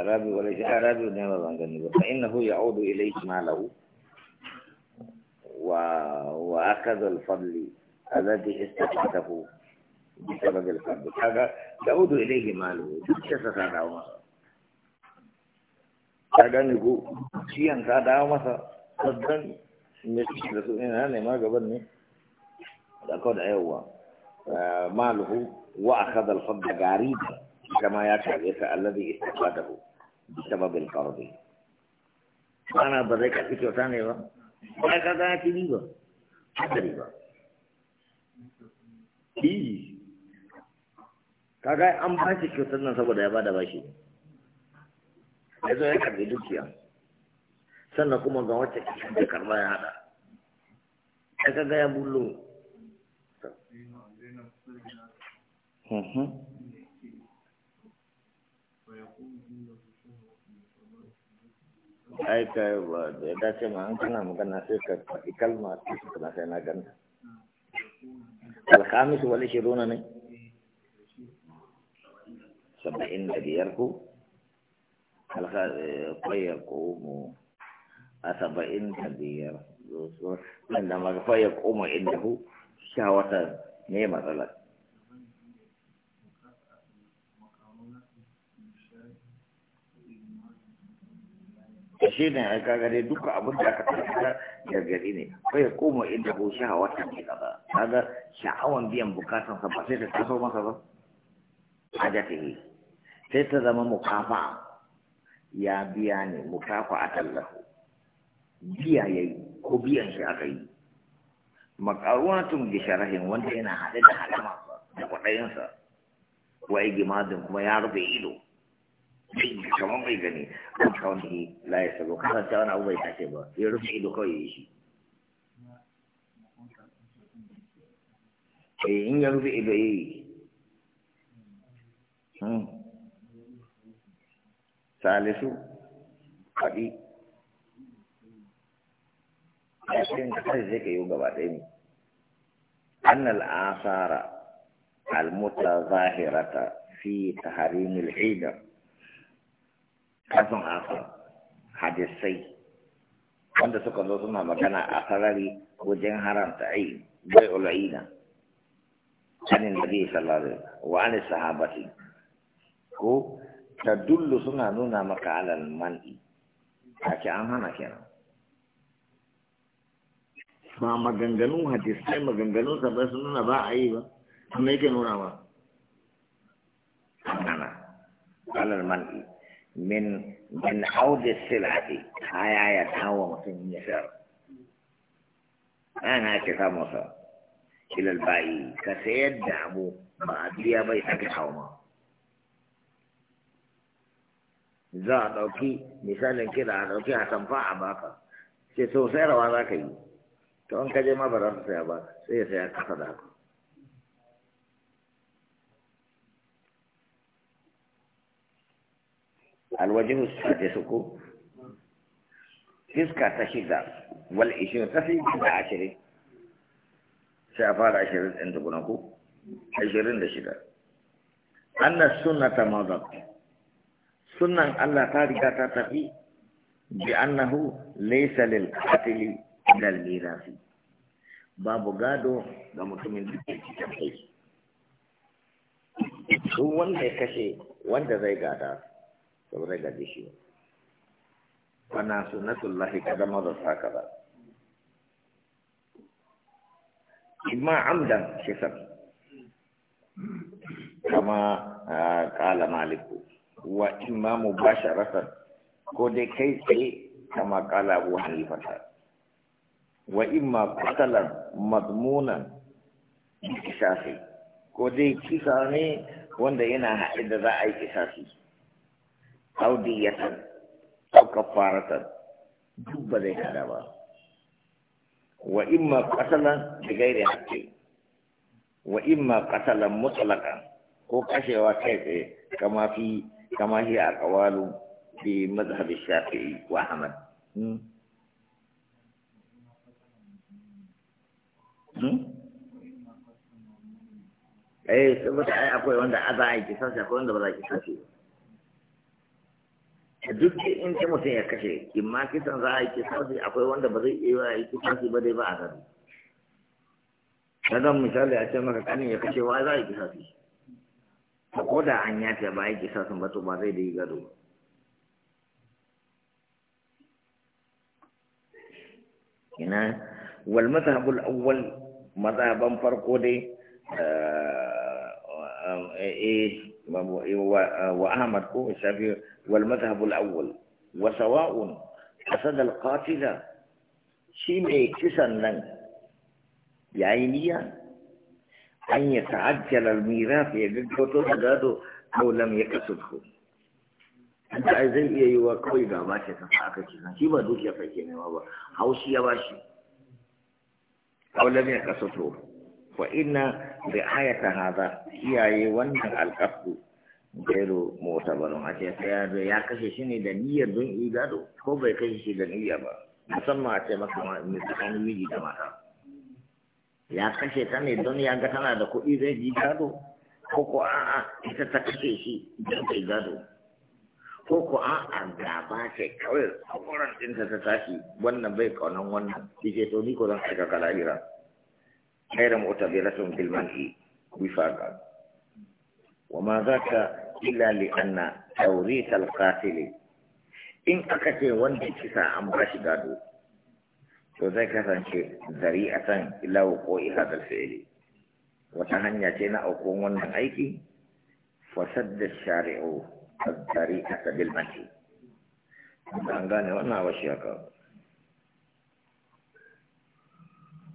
أعرابي وليس أعرابي نعم بانغني فإنه يعود إليه ما له و... وأخذ الفضل الذي استفاده بسبب الفضل هذا يعود إليه ماله كيف هذا مصر هذا نقول شيئا هذا مصر مثلا مش رسولنا أنا ما قبلني لقد أيوة ماله وأخذ الفضل غريبا كما يكفي الذي استفاده بسبب القرض أنا بذلك أتيت ثاني با هكذا أتيني با حضري با إيه kaga an ba shi kyautar nan ya bada bashi ya zo ya karbi dukiya sannan kuma ga wacce kyautar karba ya hada ya kaga ya ai ka da dace ma an kana magana sai ka faɗi kalma sai kana sai na ganta alhamis wal ishiruna ne saba'in da biyar ko alhamis eh, ko mu a saba'in da biyar nan da magafa ya koma inda hu sha wata ne matsalar da shi ne a gagare duka abin da aka tattara gargari ne kai koma inda ko sha'awa ta ke kaza kaga sha'awan biyan bukatan sa ba sai ta taso masa ba haja ta yi sai ta zama mukafa ya biya ne mukafa a tallahu biya ya yi ko biyan shi aka yi makaruwatun gisharahin wanda yana haɗe da halama da kwaɗayinsa wa igimadin kuma ya rufe ido 请全部背给你，不挑你来什么，看他教哪位才行吧，有的背都可以去。请用背背，嗯。ثالث قدي لكن قد ذلك يوجب عليهم أن الآثار المتظاهرة في تحريم الحيدر kafin asar hadisai wanda suka zo suna magana a sarari wajen haramta ai bai ula'ina sanin nabi sallallahu wa an sahabati ko ta dullu suna nuna maka alal man'i a ce an hana kenan ba maganganun hadisai sa ba sun nuna ba a yi ba kuma yake nuna ba ana hana alal man'i من من حوض السلعة دي هاي آية هاي تحوى مصر من أنا كيف فمصا إلى البعي كسيد دعمو ما أدري أبي حكي حوما زاد أوكي مثال كذا هذا أوكي هتنفع أباك سيسو سيرا وانا كي تون كجي ما برد سيابا سيسيا كفداكو alwajihu sadisu ko fiska ta shida wal ishirin ta fi da ashirin sai a fara ashirin ɗin tukuna ko ashirin da shida anna ta mazat Sunan Allah ta riga ta tafi bi annahu laysa lil qatili lil mirasi babu gado ga mutumin da ke cikin kai su wanda ya kashe wanda zai gada saboda la shi wannan sunnatullahi kada mazar haka ba imma amdan shekar kama kala maliku wa ima mubasha ko dai kai kama kala abu hanifata wa ima qatalan madmunan kisasi ko dai wanda yana haɗe da za a yi kisasi او دیتن او کفارتن جوب دے ذي و اما قتلا بغير حق اما قتلا مطلقا هو كشوا كيف كما في كما هي أقوال في مذهب الشافعي وأحمد Eh, saboda ai akwai wanda a za a yi kisansa akwai wanda ba za duk in ce mutum ya kashe in ma kisan za a yi kisasi akwai wanda ba zai iya yi kisasi ba dai ba a gari don misali a ce maka kanin ya kashe wa za a yi kisasi a ko da an yace ba a yi kisasin ba to ba zai da yi gado ba ina wal mazhabul awwal mazhaban farko dai eh, إيه, إيه،, إيه، آه، وأحمد كو والمذهب الأول وسواء قصد القاتل شيء كسن يعني أن يتعجل الميراث يجدته تجاده أو لم يكسبه أنت زي إيه وكوي قاباشة تسعك كسن شيء ما دوك يا بابا هو يا باشي أو لم يكسبه wa ina da ayata hada iyaye wannan alƙasu gero mota ba don ake tsaye ya kashe shi ne da niyyar don yi gado ko bai kashe shi da niyya ba musamman a ce maka mai tsakanin miji da mata ya kashe ta ne don ya ga tana da kuɗi zai ji gado ko ko a a ita ta kashe shi don bai gado ko ko a a gaba ce kawai a ɗinta ta tashi wannan bai ƙaunan wannan ke to ni ko zan aika kala'ira khaira mu'tabiratun bil man'i bi faqa wa ma zaka illa li anna tawrith al qatil in aka ce wanda kisa an ba shi gado to zai kasance zari'atan ila ko ila dal fi'li wata hanya ce na aukon wannan aiki fasadda shari'u al zari'ata bil man'i an gane wannan wasiya kawai